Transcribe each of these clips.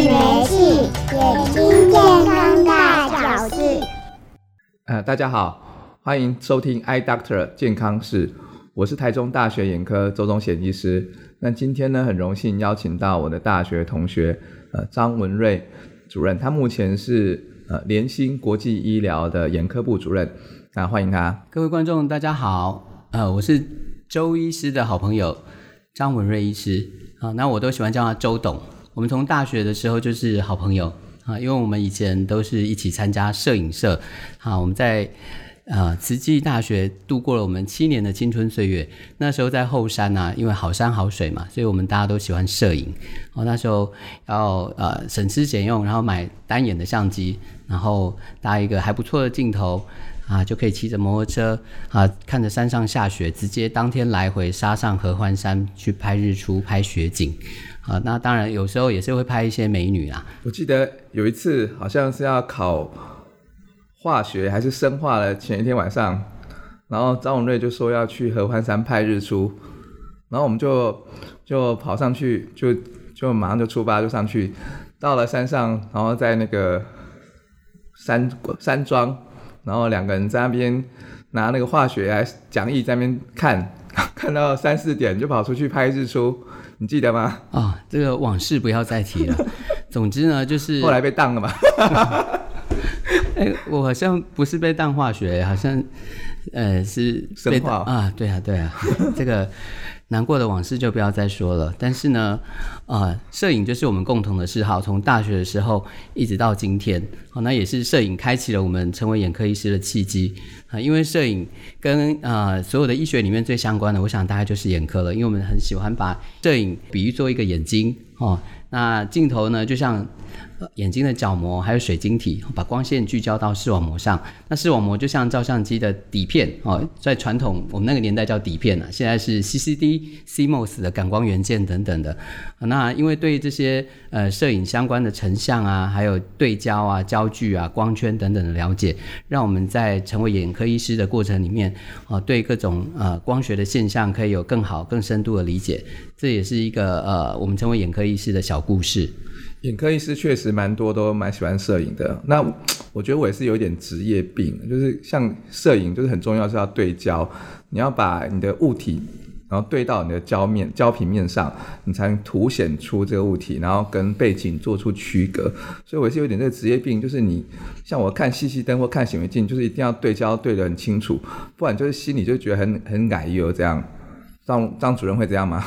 學，學習眼睛健康大小事，呃。大家好，歡迎收聽《I Doctor 健康室》，我是台中大學眼科周宗賢醫師。那今天呢，很榮幸邀請到我的大學同學，呃、張文瑞主任，他目前是呃聯新國際醫療的眼科部主任。那、呃、歡迎他。各位觀眾，大家好，呃，我是周醫師的好朋友張文瑞醫師，啊、呃，那我都喜歡叫他周董。我們從大學的時候就是好朋友啊，因為我們以前都是一起參加攝影社，啊，我們在啊、呃，慈濟大學度過了我們七年的青春歲月。那時候在後山呢、啊，因為好山好水嘛，所以我們大家都喜歡攝影。哦、啊，那時候要、呃、省吃儉用，然後買單眼的相機，然後搭一個還不錯的鏡頭啊，就可以騎着摩托車啊，看着山上下雪，直接當天來回殺上合歡山去拍日出、拍雪景。啊，那當然，有時候也是會拍一些美女啊。我記得有一次，好像是要考化學還是生化的，前一天晚上，然後張文瑞就說要去合歡山拍日出，然後我們就就跑上去，就就馬上就出發就上去，到了山上，然後在那個山山莊，然後兩個人在那邊拿那個化學來講義在那邊看，看到三四點就跑出去拍日出。你記得嗎？啊、哦，這個往事不要再提了。 總之呢，就是後來被當了吧。哎、 欸，我好像不是被當化學，好像呃是被當啊，對啊，對啊，這個。 難過的往事就不要再說了。但是呢，啊、呃，攝影就是我們共同的嗜好，從大學的時候一直到今天，好、哦，那也是攝影開啟了我們成為眼科醫師的契機啊、呃。因為攝影跟啊、呃、所有的醫學裡面最相關的，我想大概就是眼科了，因為我們很喜歡把攝影比喻做一個眼睛，哦，那鏡頭呢就像。眼睛的角膜還有水晶體，把光線聚焦到視網膜上。那視網膜就像照相機的底片哦，在傳統我們那個年代叫底片，現在是 CCD、CMOS 的感光元件等等的。那因為對這些呃攝影相關的成像啊，還有對焦啊、焦距啊、光圈等等的了解，讓我們在成為眼科醫師的過程裡面啊，呃，對各種呃光學的現象，可以有更好、更深度的理解。這也是一個呃，我們成為眼科醫師的小故事。眼科醫師確實蠻多都蠻喜歡攝影的。那我覺得我也是有一點職業病，就是像攝影，就是很重要的是要對焦，你要把你的物體，然後對到你的焦面、焦平面上，你才能凸顯出這個物體，然後跟背景做出區隔。所以我也是有點這個職業病，就是你像我看細隙燈或看顯微鏡，就是一定要對焦對得很清楚，不然就是心裡就覺得很很礙意這樣。張張主任會這樣嗎？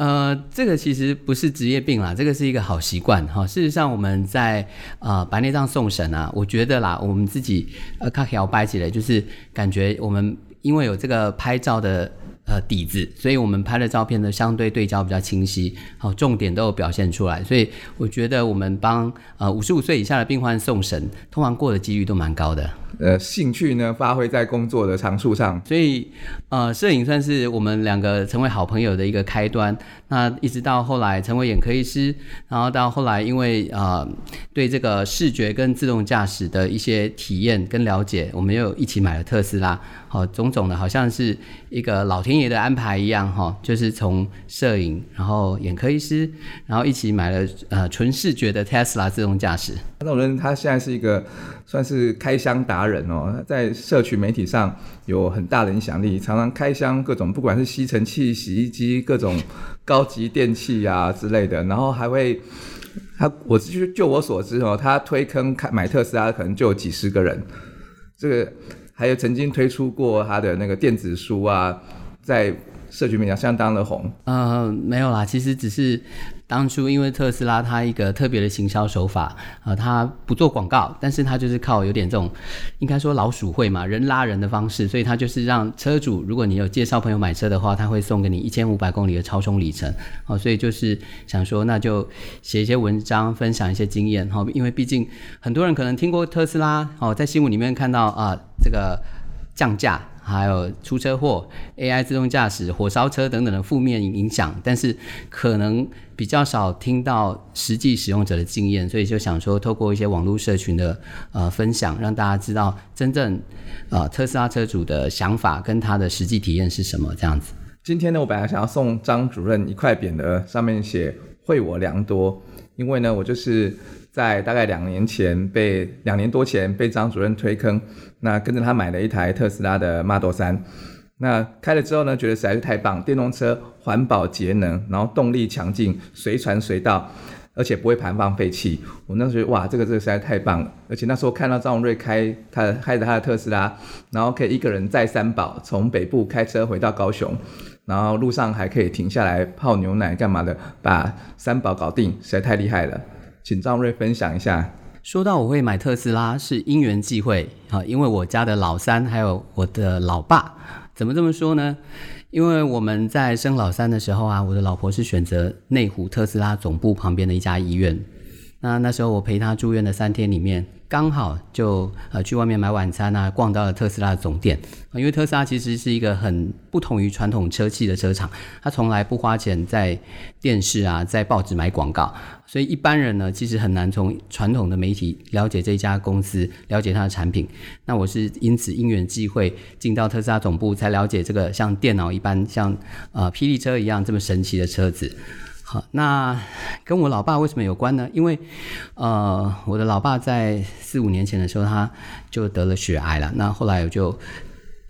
呃，這個其實不是職業病啦，這個是一個好習慣哈、哦。事實上，我們在啊白內障送審啊，我覺得啦，我們自己呃看起來我掰起來，就是感覺我們因為有這個拍照的。呃，底子，所以我們拍的照片呢，相對對焦比較清晰，好、哦，重點都有表現出來。所以我覺得我們幫呃五十五歲以下的病患送審，通常過的幾率都蠻高的。呃，興趣呢發揮在工作的長處上，所以呃，攝影算是我們兩個成為好朋友的一個開端。那一直到後來成為眼科醫師，然後到後來因為呃對這個視覺跟自動駕駛的一些體驗跟了解，我們又有一起買了特斯拉。好、哦，種種的好像是一個老天爺的安排一樣，哈、哦，就是從攝影，然後眼科醫師，然後一起買了呃純視覺的 Tesla 自動駕駛。這種人他現在是一個算是開箱達人哦，他在社群媒體上，有很大的影響力，常常開箱各種，不管是吸塵器、洗衣機各種高級電器呀、啊、之類的， 然後還會他，我就據我所知哦，他推坑開買特斯拉可能就有幾十個人，這個。還有曾經推出過他的那個電子書啊，在。社群面講相當的紅，呃，沒有啦，其實只是當初因為特斯拉它一個特別的行銷手法啊、呃，它不做廣告，但是它就是靠有點這種應該說老鼠會嘛，人拉人的方式，所以它就是讓車主，如果你有介紹朋友買車的話，他會送給你一千五百公里的超充里程，哦、呃，所以就是想說那就寫一些文章，分享一些經驗，哈、呃，因為畢竟很多人可能聽過特斯拉哦、呃，在新聞裡面看到啊、呃、這個降價。還有出車禍、AI 自動駕駛、火燒車等等的負面影響，但是可能比較少聽到實際使用者的經驗，所以就想說透過一些網絡社群的呃分享，讓大家知道真正呃特斯拉車主的想法跟他的實際體驗是什麼這樣子。今天呢，我本來想要送張主任一塊匾額，上面寫。惠我良多。因為呢，我就是在大概兩年前被、被兩年多前被張主任推坑，那跟着他買了一台特斯拉的 Model 三，那開了之後呢，覺得實在是太棒，電動車環保節能，然後動力強勁，隨傳隨到，而且不會排放廢氣。我那時候覺得哇，這個這個實在太棒了，而且那時候看到張文瑞開他開着他的特斯拉，然後可以一個人在三寶從北部開車回到高雄。然後路上還可以停下來泡牛奶幹嘛的，把三寶搞定，實在太厲害了。請張瑞分享一下。說到我會買特斯拉是因緣際會啊，因為我家的老三還有我的老爸，怎麼這麼說呢？因為我們在生老三的時候啊，我的老婆是選擇內湖特斯拉總部旁邊的一家醫院。那那時候我陪他住院的三天裡面，剛好就呃去外面買晚餐啊，逛到了特斯拉的總店。呃，因為特斯拉其實是一個很不同於傳統車企的車廠，他從來不花錢在電視啊、在報紙買廣告，所以一般人呢其實很難從傳統的媒體了解這家公司、了解它的產品。那我是因此因緣際會進到特斯拉總部，才了解這個像電腦一般、像呃霹靂車一樣這麼神奇的車子。好，那跟我老爸為什麼有關呢？因為，呃，我的老爸在四五年前的時候，他就得了血癌了。那後來我就，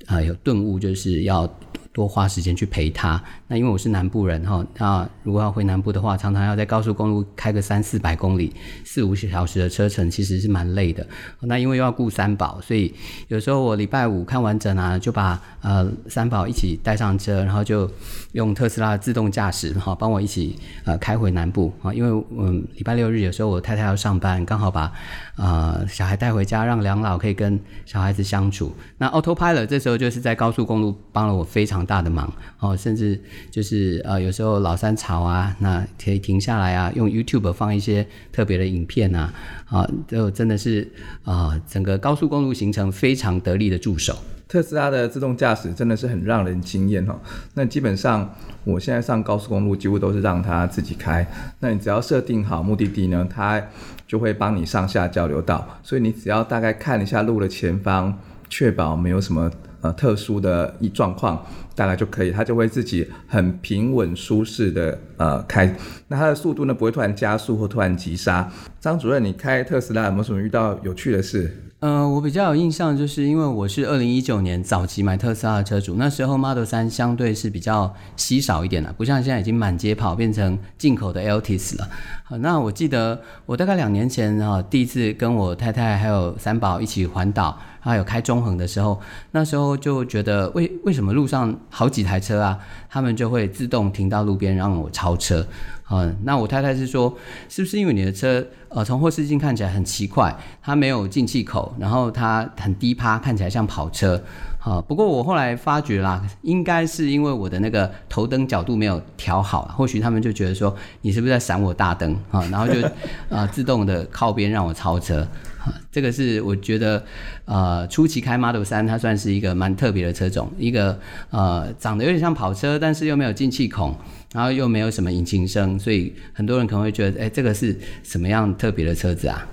啊、呃，有頓悟，就是要多花時間去陪他。那因為我是南部人哈，那如果要回南部的話，常常要在高速公路開個三四百公里、四五小時的車程，其實是蠻累的。那因為又要顧三寶，所以有時候我禮拜五看完整啊，就把呃三寶一起帶上車，然後就用特斯拉的自動駕駛哈，幫我一起呃開回南部啊。因為我嗯禮拜六日有時候我太太要上班，剛好把呃小孩帶回家，讓兩老可以跟小孩子相處。那 Autopilot 這時候就是在高速公路幫了我非常大的忙哦，甚至。就是呃，有時候老三吵啊，那可以停下來啊，用 YouTube 放一些特別的影片啊，啊，就真的是啊、呃，整個高速公路行程非常得力的助手。特斯拉的自動駕駛真的是很讓人驚艷哦。那基本上我現在上高速公路幾乎都是讓它自己開，那你只要設定好目的地呢，它就會幫你上下交流道，所以你只要大概看一下路的前方，確保沒有什麼。呃，特殊的一狀況大概就可以，它就會自己很平穩舒適的呃開，那它的速度呢，不會突然加速或突然急剎。張主任，你開特斯拉有沒有什麼遇到有趣的事？呃，我比較有印象，就是因為我是二零一九年早期買特斯拉的車主，那時候 Model 三相對是比較稀少一點的、啊，不像現在已經滿街跑，變成進口的 Altis 了。好、呃，那我記得我大概兩年前哈、啊，第一次跟我太太還有三寶一起環島，還有開中橫的時候，那時候就覺得為為什麼路上好幾台車啊，他們就會自動停到路邊讓我超車。嗯，那我太太是說，是不是因為你的車，呃，從後視鏡看起來很奇怪，它沒有進氣口，然後它很低趴，看起來像跑車。好、嗯，不過我後來發覺了啦，應該是因為我的那個頭燈角度沒有調好，或許他們就覺得說，你是不是在閃我大燈啊、嗯？然後就， 呃，自動的靠邊讓我超車。啊、嗯，這個是我覺得，呃，初期開 Model 3，它算是一個蠻特別的車種，一個呃，長得有點像跑車，但是又沒有進氣孔。然後又沒有什麼引擎聲，所以很多人可能會覺得，哎，這個是什麼樣特別的車子啊？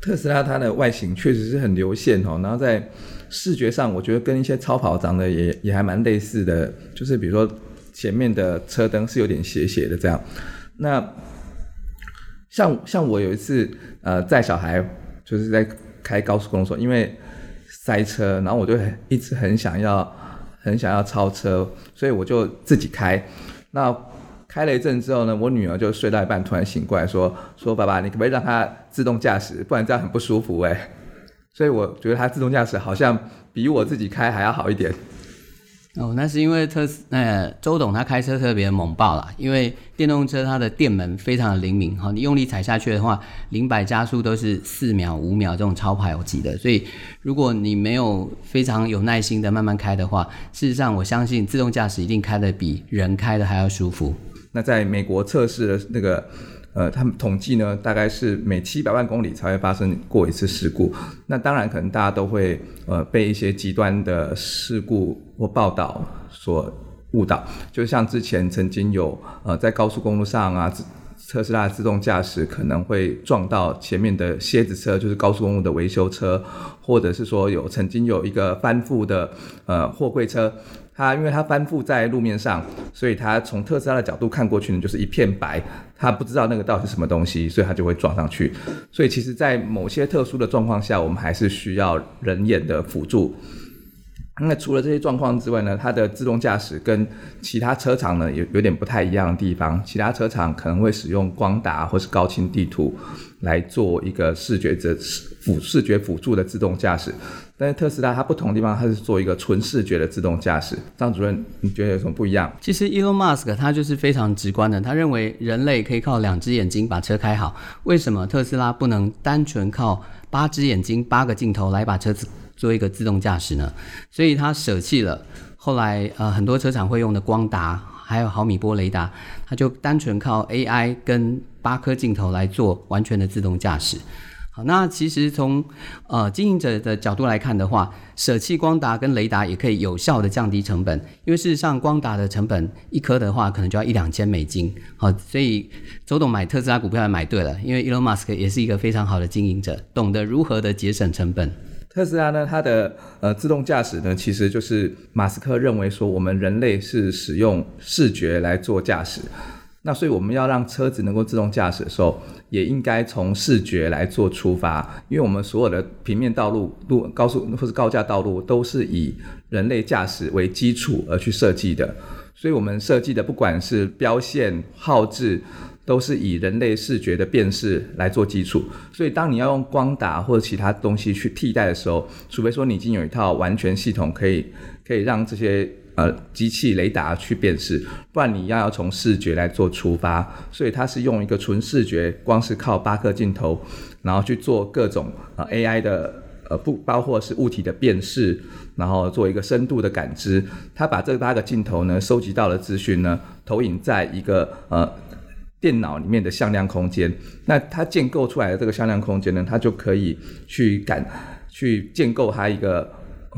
特斯拉它的外形確實是很流線哦，然後在視覺上，我覺得跟一些超跑長得也也還蠻類似的，就是比如說前面的車燈是有點斜斜的這樣。那像像我有一次呃載小孩，就是在開高速公路時候，因為塞車，然後我就很一直很想要很想要超車，所以我就自己開，那。開了一陣之後呢，我女兒就睡到一半突然醒過來說，說說爸爸，你可不可以讓她自動駕駛？不然這樣很不舒服哎、欸。所以我覺得它自動駕駛好像比我自己開還要好一點。哦，那是因為特斯那、呃、周董他開車特別猛爆啦，因為電動車它的電門非常的靈敏哈，你用力踩下去的話，零百加速都是四秒五秒這種超跑，我記得。所以如果你沒有非常有耐心的慢慢開的話，事實上我相信自動駕駛一定開的比人開的還要舒服。那在美國測試的那個，呃，他們統計呢，大概是每七百萬公里才會發生過一次事故。那當然，可能大家都會呃被一些極端的事故或報道所誤導。就像之前曾經有呃在高速公路上啊，特斯拉自動駕駛可能會撞到前面的蠍子車，就是高速公路的維修車，或者是說有曾經有一個翻覆的呃貨櫃車。它因為它翻覆在路面上，所以它從特斯拉的角度看過去呢，就是一片白。它不知道那個到底是什麼東西，所以它就會撞上去。所以其實，在某些特殊的狀況下，我們還是需要人眼的輔助。那除了這些狀況之外呢，它的自動駕駛跟其他車廠呢有有點不太一樣的地方。其他車廠可能會使用光達或是高清地圖來做一個視覺偵輔視覺輔助的自動駕駛，但是特斯拉它不同的地方，它是做一個純視覺的自動駕駛。張主任，你覺得有什麼不一樣？其實 Elon Musk 他就是非常直觀的，他認為人類可以靠兩隻眼睛把車開好。為什麼特斯拉不能單純靠八隻眼睛、八個鏡頭來把車子做一個自動駕駛呢？所以它捨棄了，後來，呃，很多車廠會用的光達，還有毫米波雷達，它就單純靠 AI 跟八顆鏡頭來做完全的自動駕駛。好，那其實從呃經營者的角度來看的話，捨棄光達跟雷達也可以有效的降低成本，因為事實上光達的成本一顆的話可能就要一兩千美金，好、哦，所以周董買特斯拉股票也買對了，因為 Elon Musk 也是一個非常好的經營者，懂得如何的節省成本。特斯拉呢，它的呃自動駕駛呢，其實就是馬斯克認為說我們人類是使用視覺來做駕駛。那所以我們要讓車子能夠自動駕駛的時候，也應該從視覺來做出發，因為我們所有的平面道路、路高速或是高架道路都是以人類駕駛為基礎而去設計的，所以我們設計的不管是標線、號志，都是以人類視覺的辨識來做基礎。所以當你要用光達或者其他東西去替代的時候，除非說你已經有一套完全系統可以可以讓這些。呃，機器雷達去辨識，不然你要要從視覺來做出發，所以它是用一個純視覺，光是靠八顆鏡頭，然後去做各種呃 AI 的呃不包括是物體的辨識，然後做一個深度的感知。它把這八個鏡頭呢收集到的資訊呢，投影在一個呃電腦裡面的向量空間。那它建構出來的這個向量空間呢，它就可以去感去建構它一個。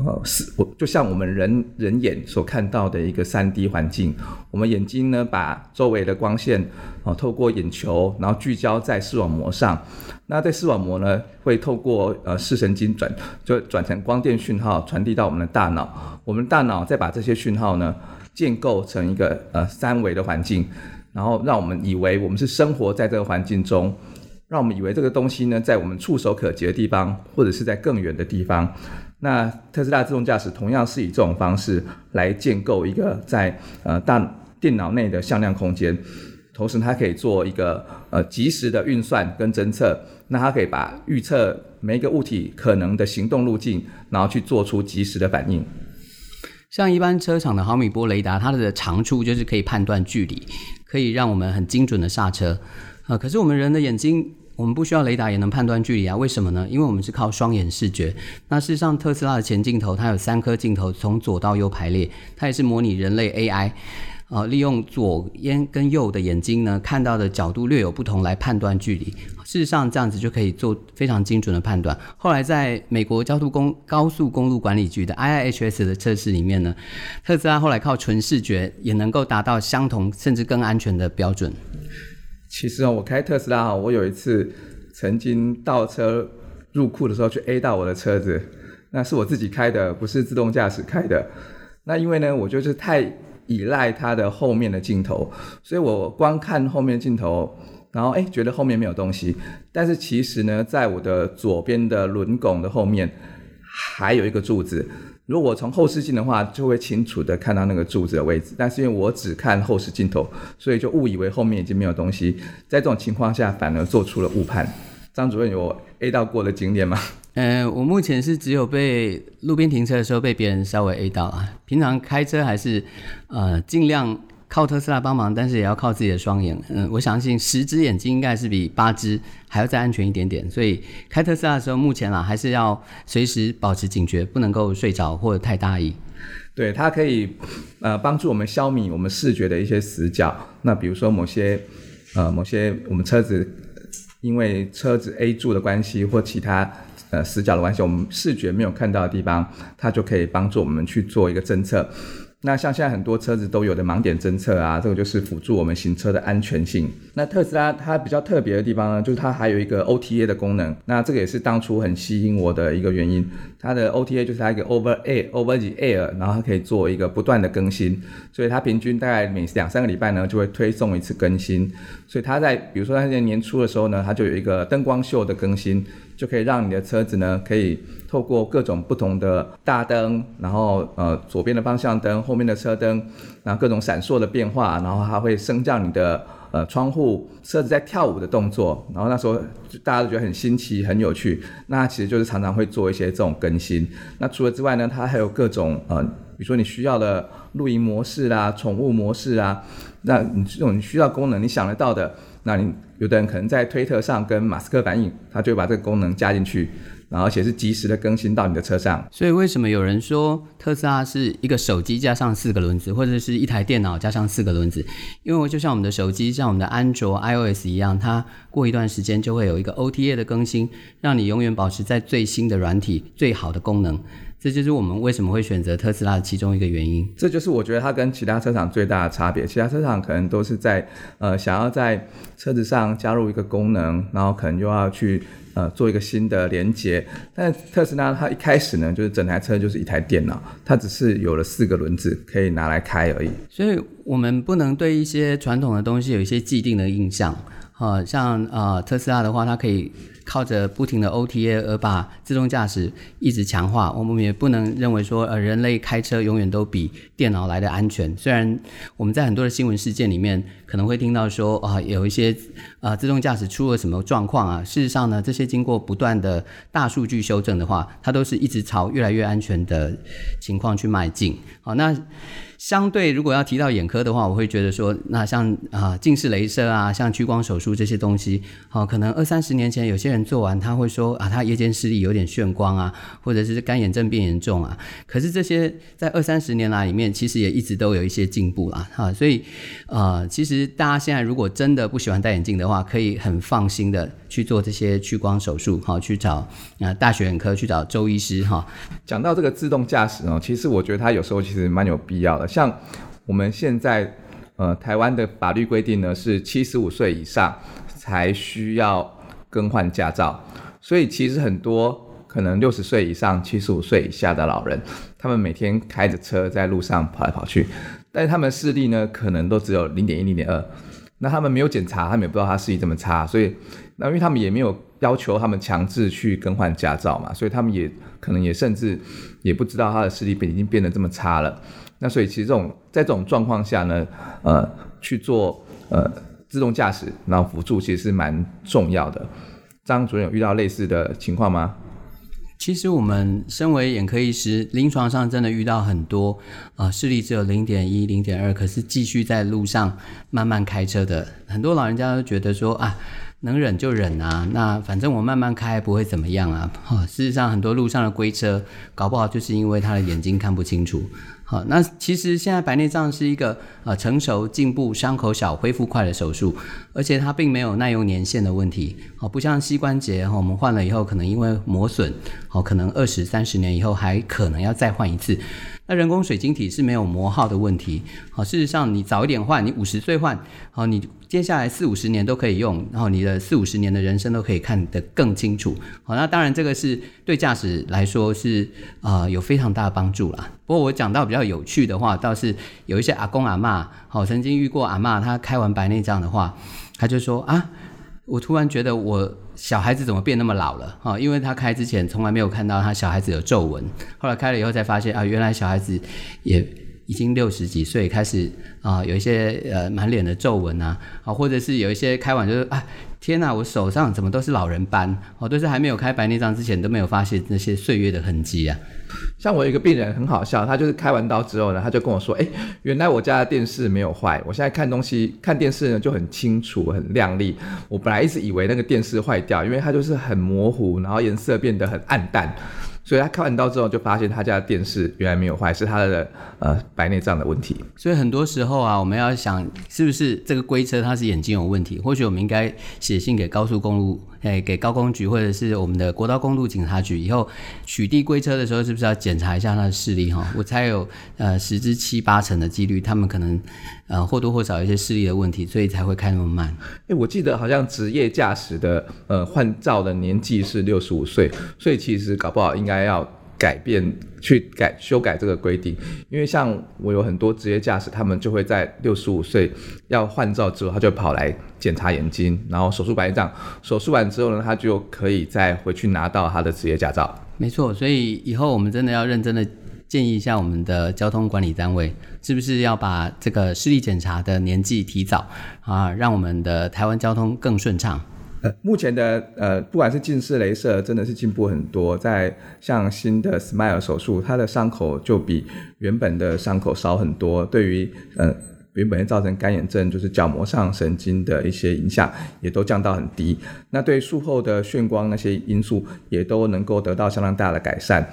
呃，我就像我們人人眼所看到的一個 3D 環境。我們眼睛呢，把周圍的光線啊、呃、透過眼球，然後聚焦在視網膜上。那在視網膜呢，會透過呃視神經轉，就轉成光電訊號，傳遞到我們的大腦。我們大腦再把這些訊號呢，建構成一個呃三維的環境，然後讓我們以為我們是生活在這個環境中，讓我們以為這個東西呢，在我們觸手可及的地方，或者是在更遠的地方。那特斯拉自動駕駛同樣是以這種方式來建構一個在呃大電腦內的向量空間，同時它可以做一個呃即時的運算跟偵測，那它可以把預測每一個物體可能的行動路徑，然後去做出即時的反應。像一般車廠的毫米波雷達，它的長處就是可以判斷距離，可以讓我們很精準的剎車。啊，可是我們人的眼睛。我們不需要雷達也能判斷距離啊，為什麼呢？因為我們是靠雙眼視覺。那事實上，特斯拉的前鏡頭它有三顆鏡頭，從左到右排列，它也是模擬人類 AI，呃，利用左眼跟右的眼睛呢，看到的角度略有不同來判斷距離。事實上，這樣子就可以做非常精準的判斷。後來在美國交通公高速公路管理局的 IIHS 的測試裡面呢，特斯拉後來靠純視覺也能夠達到相同甚至更安全的標準。其實啊，我開特斯拉啊，我有一次曾經倒車入庫的時候去 A 到我的車子，那是我自己開的，不是自動駕駛開的。那因為呢，我就是太依賴它的後面的鏡頭，所以我光看後面鏡頭，然後哎，覺得後面沒有東西，但是其實呢，在我的左邊的輪拱的後面還有一個柱子。如果我從後視鏡的話，就會清楚的看到那個柱子的位置，但是因為我只看後視鏡頭，所以就誤以為後面已經沒有東西，在這種情況下反而做出了誤判。張主任有 A 到過的經驗嗎？嗯、呃，我目前是只有被路邊停車的時候被別人稍微 A 到啊，平常開車還是，呃，儘量。靠特斯拉幫忙，但是也要靠自己的雙眼。嗯，我相信十隻眼睛應該是比八隻還要再安全一點點。所以開特斯拉的時候，目前啊，還是要隨時保持警覺，不能夠睡着或者太大意。對，它可以呃幫助我們消弭我們視覺的一些死角。那比如說某些呃某些我們車子因為車子 A 柱的關係或其他呃死角的關係，我們視覺沒有看到的地方，它就可以幫助我們去做一個偵測。那像現在很多車子都有的盲點偵測啊，這個就是輔助我們行車的安全性。那特斯拉它比較特別的地方呢，就是它還有一個 OTA 的功能。那這個也是當初很吸引我的一個原因。它的 OTA 就是它一個 Over Air，Over the Air，然後它可以做一個不斷的更新，所以它平均大概每兩三個禮拜呢就會推送一次更新。所以它在比如說它在年初的時候呢，它就有一個燈光秀的更新。就可以讓你的車子呢，可以透過各種不同的大燈，然後呃左邊的方向燈，後面的車燈，然後各種閃爍的變化，然後它會升降你的呃窗戶，車子在跳舞的動作，然後那時候就大家都覺得很新奇，很有趣。那它其實就是常常會做一些這種更新。那除了之外呢，它還有各種呃，比如說你需要的露營模式啦、啊，寵物模式啊，那你這種你需要功能，你想得到的，那你。有的人可能在推特上跟馬斯克反映，他就把這個功能加進去，然後而且是及時的更新到你的車上。所以為什麼有人說特斯拉是一個手機加上四個輪子，或者是一台電腦加上四個輪子？因為就像我們的手機，像我們的安卓、iOS 一樣，它過一段時間就會有一個 OTA 的更新，讓你永遠保持在最新的軟體、最好的功能。這就是我們為什麼會選擇特斯拉的其中一個原因。這就是我覺得它跟其他車廠最大的差別。其他車廠可能都是在呃想要在車子上加入一個功能，然後可能又要去呃做一個新的連接。但特斯拉它一開始呢，就是整台車就是一台電腦，它只是有了四個輪子可以拿來開而已。所以我們不能對一些傳統的東西有一些既定的印象。呃，像呃特斯拉的話，它可以。靠着不停的 OTA 而把自動駕駛一直強化，我們也不能認為說，呃，人類開車永遠都比電腦來得安全。雖然我們在很多的新聞事件裡面。可能會聽到說啊、哦，有一些啊、呃、自動駕駛出了什麼狀況啊？事實上呢，這些經過不斷的大數據修正的話，它都是一直朝越來越安全的情況去邁進。好、哦，那相對如果要提到眼科的話，我會覺得說，那像啊近視雷射啊，像屈光手術這些東西，好、哦，可能二三十年前有些人做完，他會說啊，他夜間視力有點眩光啊，或者是乾眼症變嚴重啊。可是這些在二三十年來裡面，其實也一直都有一些進步啊，哈、啊，所以啊、呃，其實。其實大家現在如果真的不喜歡戴眼鏡的話，可以很放心的去做這些屈光手術，好，去找啊大學眼科去找周醫師哈。講到這個自動駕駛呢，其實我覺得它有時候其實蠻有必要的。像我們現在呃台灣的法律規定呢，是七十五歲以上才需要更換駕照，所以其實很多可能六十歲以上、七十五歲以下的老人，他們每天開着車在路上跑來跑去。但他們視力呢，可能都只有零點一、零點二，那他們沒有檢查，他們也不知道他視力這麼差，所以，那因為他們也沒有要求他們強制去更換駕照嘛，所以他們也可能也甚至也不知道他的視力變已經變得這麼差了，那所以其實這種在這種狀況下呢，呃，去做呃自動駕駛，然後輔助其實是蠻重要的。張主任有遇到類似的情況嗎？其實我們身為眼科醫師，臨床上真的遇到很多啊、呃、視力只有零點一、零點二，可是繼續在路上慢慢開車的。很多老人家都覺得說啊，能忍就忍啊，那反正我慢慢開不會怎麼樣啊。哦，事實上很多路上的龜車，搞不好就是因為他的眼睛看不清楚。好，那其實現在白內障是一個呃成熟、進步、傷口小、恢復快的手術，而且它並沒有耐用年限的問題。好，不像膝關節哈、哦，我們換了以後，可能因為磨損，好、哦，可能二十三十年以後還可能要再換一次。那人工水晶體是沒有磨耗的問題，好，事實上你早一點換，你五十歲換，好，你接下來四五十年都可以用，然後你的四五十年的人生都可以看得更清楚，好，那當然這個是對駕駛來說是啊、呃、有非常大的幫助啦。不過我講到比較有趣的話，倒是有一些阿公阿嬤，好，曾經遇過阿嬤，他開完白內障的話，他就說啊，我突然覺得我。小孩子怎麼變那麼老了哈，因為他開之前從來沒有看到他小孩子有皺紋，後來開了以後才發現啊，原來小孩子也。已經六十幾歲，開始啊、呃、有一些呃滿臉的皺紋啊，或者是有一些開完就是啊，天吶，我手上怎麼都是老人斑？哦，都、就是還沒有開白內障之前都沒有發現那些歲月的痕跡啊。像我有一個病人很好笑，他就是開完刀之後呢，他就跟我說，哎，原來我家的電視沒有壞，我現在看東西看電視呢就很清楚、很亮麗。我本來一直以為那個電視壞掉，因為它就是很模糊，然後顏色變得很暗淡。所以他看到之後就發現他家的電視原來沒有壞，是他的呃白內障的問題。所以很多時候啊，我們要想是不是這個龜車它是眼睛有問題？或許我們應該寫信給高速公路，哎、欸，給高公局或者是我們的國道公路警察局，以後取締龜車的時候，是不是要檢查一下他的視力？哈，我猜有呃十之七八成的幾率，他們可能呃或多或少有些視力的問題，所以才會開那麼慢。哎、欸，我記得好像職業駕駛的呃換照的年紀是六十五歲，所以其實搞不好應該。還要改變，去改修改這個規定，因為像我有很多職業駕駛，他們就會在六十五歲要換照之後，他就跑來檢查眼睛，然後手術白內障，手術完之後呢，他就可以再回去拿到他的職業駕照。沒錯，所以以後我們真的要認真的建議一下我們的交通管理單位，是不是要把這個視力檢查的年紀提早啊，讓我們的台灣交通更順暢。目前的呃，不管是近視雷射，真的是進步很多。在像新的 Smile 手術，它的傷口就比原本的傷口少很多。對於呃，原本會造成乾眼症，就是角膜上神經的一些影響，也都降到很低。那對術後的眩光那些因素，也都能夠得到相當大的改善。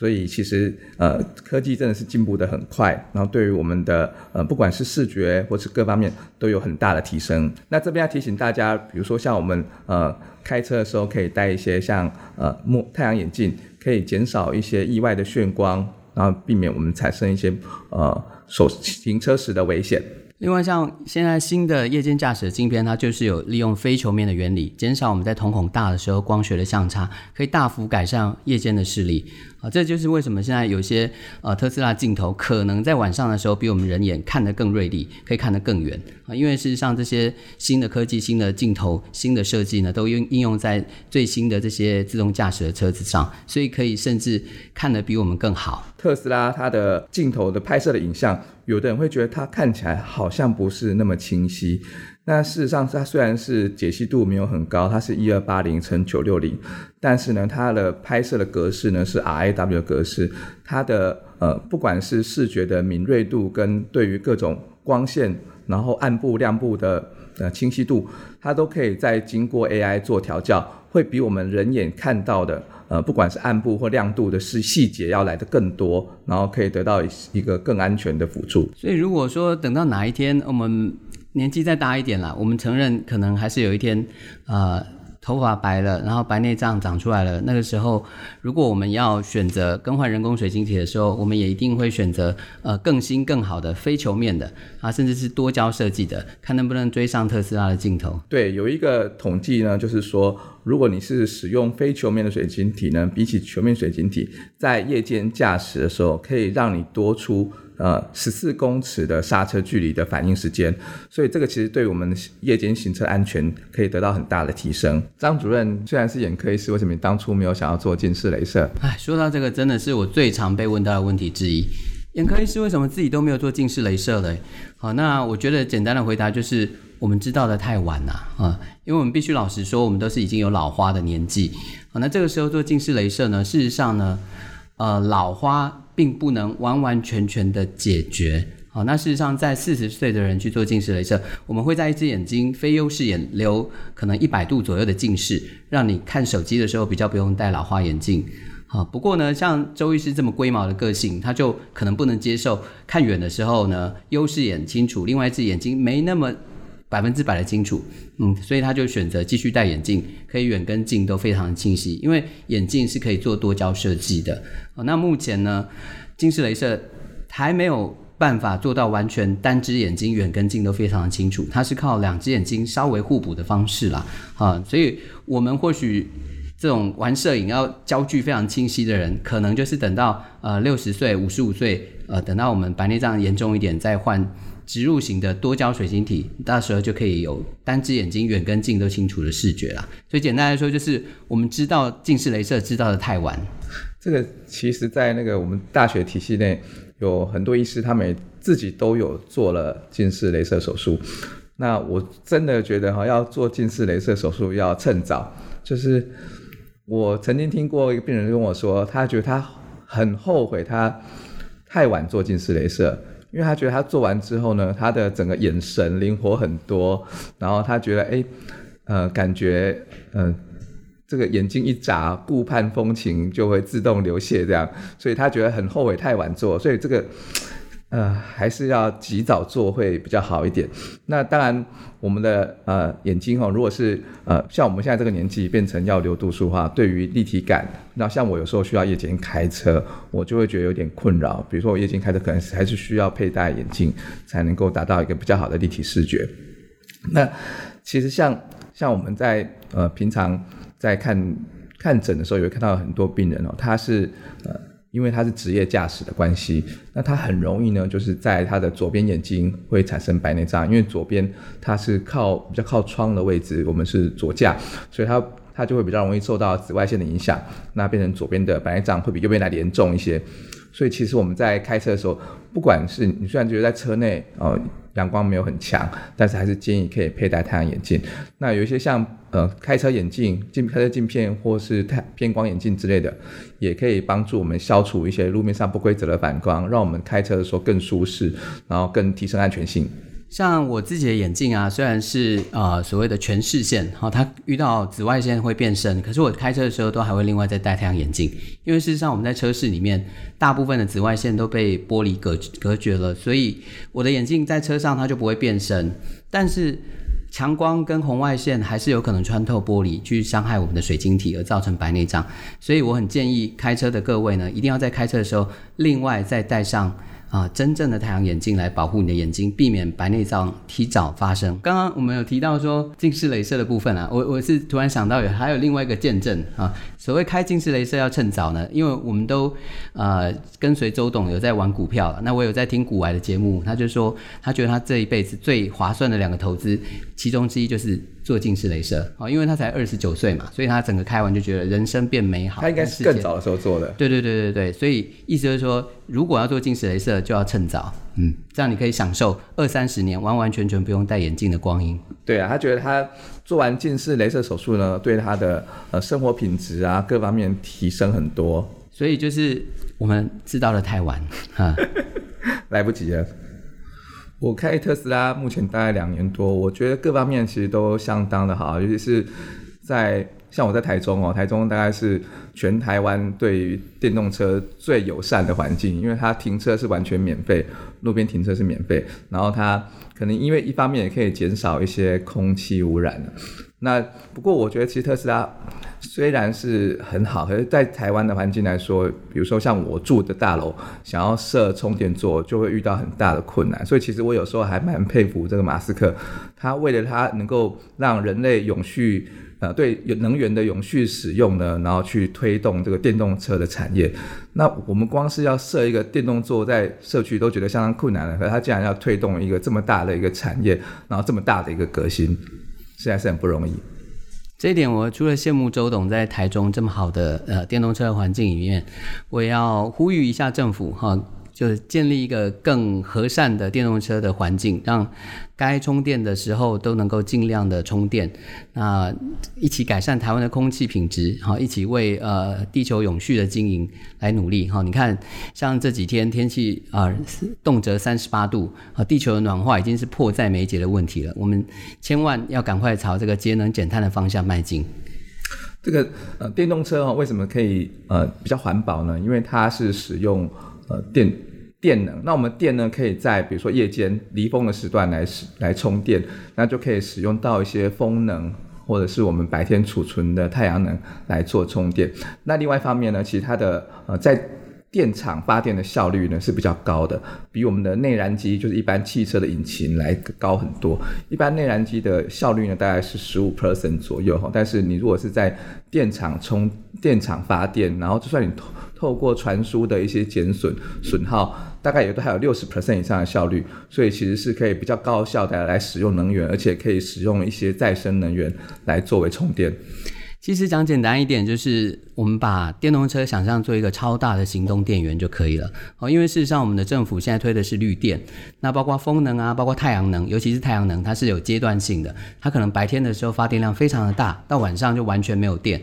所以其實呃科技真的是進步得很快，然後對於我們的呃不管是視覺或是各方面都有很大的提升。那這邊要提醒大家，比如說像我們呃開車的時候可以戴一些像呃墨太陽眼鏡，可以減少一些意外的眩光，然後避免我們產生一些呃手行車時的危險。另外像現在新的夜間駕駛的鏡片，它就是有利用非球面的原理，減少我們在瞳孔大的時候光學的像差，可以大幅改善夜間的視力。啊，這就是為什麼現在有些呃特斯拉鏡頭可能在晚上的時候比我們人眼看得更銳利，可以看得更遠啊。因為事實上這些新的科技、新的鏡頭、新的設計呢，都應應用在最新的這些自動駕駛的車子上，所以可以甚至看得比我們更好。特斯拉它的鏡頭的拍攝的影像，有的人會覺得它看起來好像不是那麼清晰。那事實上，它雖然是解析度沒有很高，它是一二八零乘九六零，但是呢，它的拍攝的格式呢是 R A W 格式，它的呃，不管是視覺的敏銳度跟對於各種光線，然後暗部、亮部的呃清晰度，它都可以在經過 A I 做調教，會比我們人眼看到的呃，不管是暗部或亮度的是細節要來得更多，然後可以得到一個更安全的輔助。所以如果說等到哪一天我們，年紀再大一點啦，我們承認可能還是有一天，呃，頭髮白了，然後白內障長長出來了。那個時候，如果我們要選擇更換人工水晶體的時候，我們也一定會選擇呃更新更好的非球面的啊，甚至是多焦設計的，看能不能追上特斯拉的鏡頭。對，有一個統計呢，就是說。如果你是使用非球面的水晶體呢，比起球面水晶體，在夜間駕駛的時候，可以讓你多出呃十四公尺的剎車距離的反應時間，所以這個其實對我們夜間行車安全可以得到很大的提升。張主任雖然是眼科醫師，為什麼你當初沒有想要做近視雷射？唉，說到這個，真的是我最常被問到的問題之一。眼科醫師為什麼自己都沒有做近視雷射嘞？好，那我覺得簡單的回答就是。我們知道的太晚了啊，因為我們必須老實說，我們都是已經有老花的年紀。好，那這個時候做近視雷射呢？事實上呢，呃，老花並不能完完全全的解決。好，那事實上在四十歲的人去做近視雷射，我們會在一隻眼睛非優勢眼留可能一百度左右的近視，讓你看手機的時候比較不用戴老花眼鏡。好，不過呢，像周醫師這麼龜毛的個性，他就可能不能接受看遠的時候呢，優勢眼清楚，另外一隻眼睛沒那麼。百分之百的清楚，嗯，所以他就選擇繼續戴眼鏡，可以遠跟近都非常的清晰，因為眼鏡是可以做多焦設計的。哦，那目前呢，近視雷射還沒有辦法做到完全單隻眼睛遠跟近都非常的清楚，它是靠兩隻眼睛稍微互補的方式啦。啊，哦，所以我們或許這種玩攝影要焦距非常清晰的人，可能就是等到呃六十歲、五十五歲，呃，等到我們白內障嚴重一點再換植入型的多焦水晶體，到時候就可以有單隻眼睛遠跟近都清楚的視覺啦。所以簡單來說，就是我們知道近視雷射，知道的太晚。這個其實，在那個我們大學體系內，有很多醫師他們自己都有做了近視雷射手術。那我真的覺得哈，要做近視雷射手術要趁早。就是我曾經聽過一個病人跟我說，他覺得他很後悔，他太晚做近視雷射。因為他覺得他做完之後呢，他的整個眼神靈活很多，然後他覺得哎，呃，感覺嗯、呃，這個眼睛一眨，顧盼風情就會自動流瀉這樣，所以他覺得很後悔太晚做，所以這個。呃，還是要及早做會比較好一點。那當然，我們的呃眼睛哈、哦，如果是呃像我們現在這個年紀變成要留度數的話，對於立體感，那像我有時候需要夜間開車，我就會覺得有點困擾。比如說我夜間開車，可能還是需要佩戴眼鏡才能夠達到一個比較好的立體視覺。那其實像像我們在呃平常在看看診的時候，也會看到很多病人哦，他是呃。因為他是職業駕駛的關係，那他很容易呢，就是在他的左邊眼睛會產生白內障，因為左邊他是靠比較靠窗的位置，我們是左駕，所以他他就會比較容易受到紫外線的影響，那變成左邊的白內障會比右邊來的嚴重一些。所以其實我們在開車的時候，不管是你雖然覺得在車內哦。呃陽光沒有很強，但是還是建議可以佩戴太陽眼鏡。那有一些像呃開車眼鏡鏡開車鏡片或是太偏光眼鏡之類的，也可以幫助我們消除一些路面上不規則的反光，讓我們開車的時候更舒適，然後更提升安全性。像我自己的眼鏡啊，雖然是呃所謂的全視線，好、哦，它遇到紫外線會變深。可是我開車的時候都還會另外再戴太陽眼鏡，因為事實上我們在車室裡面，大部分的紫外線都被玻璃隔隔絕了，所以我的眼鏡在車上它就不會變深。但是強光跟紅外線還是有可能穿透玻璃去傷害我們的水晶體而造成白內障，所以我很建議開車的各位呢，一定要在開車的時候另外再戴上。啊，真正的太陽眼鏡來保護你的眼睛，避免白內障提早發生。剛剛我們有提到說近視雷射的部分啊，我我是突然想到有還有另外一個見證啊。所謂開近視雷射要趁早呢，因為我們都呃跟隨周董有在玩股票，那我有在聽股癌的節目，他就說他覺得他這一輩子最划算的兩個投資，其中之一就是做近視雷射，哦。因為他才二十九歲嘛，所以他整個開完就覺得人生變美好。他應該是更早的時候做的。對對對對對，所以意思就是說，如果要做近視雷射，就要趁早。嗯，這樣你可以享受二三十年，完完全全不用戴眼鏡的光陰。對啊，他覺得他做完近視雷射手術呢，對他的呃生活品質啊各方面提升很多。所以就是我們知道的太晚啊， 來不及了。我開特斯拉目前大概兩年多，我覺得各方面其實都相當的好，尤其是在。像我在台中哦，台中大概是全台灣對於電動車最友善的環境，因為它停車是完全免費，路邊停車是免費，然後它可能因為一方面也可以減少一些空氣污染。那不過，我覺得其實特斯拉雖然是很好，可是，在台灣的環境來說，比如說像我住的大樓，想要設充電座，就會遇到很大的困難。所以，其實我有時候還蠻佩服這個馬斯克，他為了他能夠讓人類永續，啊、呃，對有能源的永續使用呢，然後去推動這個電動車的產業。那我們光是要設一個電動座在社區都覺得相當困難了，可是他竟然要推動一個這麼大的一個產業，然後這麼大的一個革新。實在是很不容易，這一點我除了羨慕周董在台中這麼好的呃電動車環境裡面，我也要呼籲一下政府哈。就是建立一個更和善的電動車的環境，讓該充電的時候都能夠盡量的充電，那一起改善台灣的空氣品質，好一起為呃地球永續的經營來努力。好，你看像這幾天天氣啊、呃，動輒三十八度，啊地球的暖化已經是迫在眉睫的問題了。我們千萬要趕快朝這個節能減碳的方向邁進。這個呃電動車哦，為什麼可以呃比較環保呢？因為它是使用呃電。電能，那我們電呢？可以在比如說夜間離峰的時段來使來充電，那就可以使用到一些風能或者是我們白天儲存的太陽能來做充電。那另外一方面呢，其他的呃在。電廠發電的效率呢是比較高的，比我們的內燃機，就是一般汽車的引擎來高很多。一般內燃機的效率呢大概是十五 percent 左右，但是你如果是在電廠充電廠發電，然後就算你透透過傳輸的一些減損損耗，大概也都還有六十 percent 以上的效率，所以其實是可以比較高效的來，來使用能源，而且可以使用一些再生能源來作為充電。其實講簡單一點，就是我們把電動車想象做一個超大的行動電源就可以了。好，因為事實上我們的政府現在推的是綠電，那包括風能啊，包括太陽能，尤其是太陽能，它是有階段性的，它可能白天的時候發電量非常的大，到晚上就完全沒有電。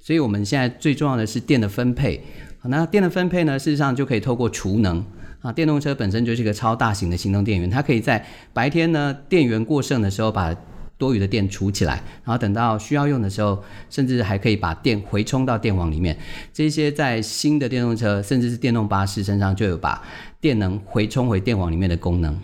所以我們現在最重要的是電的分配。好，那電的分配呢，事實上就可以透過儲能。啊，電動車本身就是一個超大型的行動電源，它可以在白天呢，電源過剩的時候把。多餘的電儲起來，然後等到需要用的時候，甚至還可以把電回充到電網裡面。這些在新的電動車，甚至是電動巴士身上，就有把電能回充回電網裡面的功能。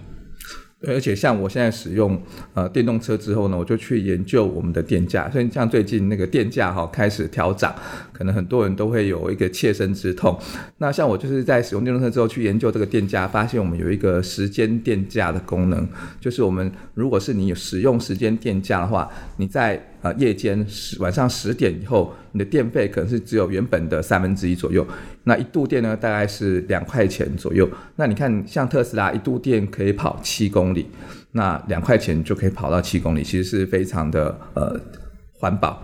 而且像我現在使用呃電動車之後呢，我就去研究我們的電價。所以像最近那個電價哈開始調漲，可能很多人都會有一個切身之痛。那像我就是在使用電動車之後去研究這個電價，發現我們有一個時間電價的功能，就是我們如果是你使用時間電價的話，你在。啊、呃，夜間十晚上十點以後，你的電費可能是只有原本的三分之一左右。那一度電呢，大概是兩塊錢左右。那你看，像特斯拉一度電可以跑七公里，那兩塊錢就可以跑到七公里，其實是非常的呃環保。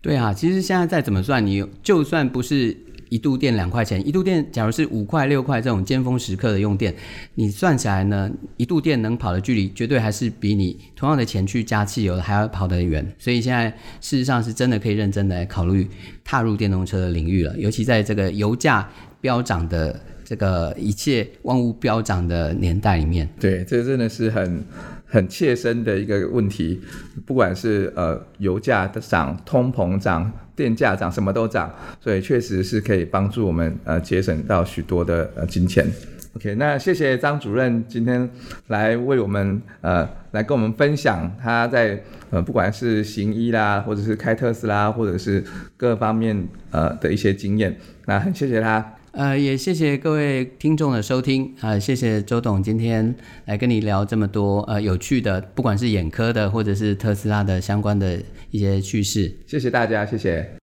對啊，其實現在再怎麼算，你就算不是，一度電兩塊錢，一度電假如是五塊六塊這種尖峰時刻的用電，你算起來呢，一度電能跑的距離絕對還是比你同樣的錢去加汽油還要跑得遠。所以現在事實上是真的可以認真的考慮踏入電動車的領域了，尤其在這個油價飆漲的這個一切萬物飆漲的年代裡面，對，這真的是很。很切身的一個問題，不管是呃油價的漲、通膨漲、電價漲，什麼都漲，所以確實是可以幫助我們呃節省到許多的呃金錢。OK，那謝謝張主任今天來為我們呃來跟我們分享他在呃不管是行醫啦，或者是開特斯拉，或者是各方面呃的一些經驗，那很謝謝他。呃，也謝謝各位聽眾的收聽啊，呃，謝謝周董今天來跟你聊這麼多呃有趣的，不管是眼科的或者是特斯拉的相關的一些趣事，謝謝大家，謝謝。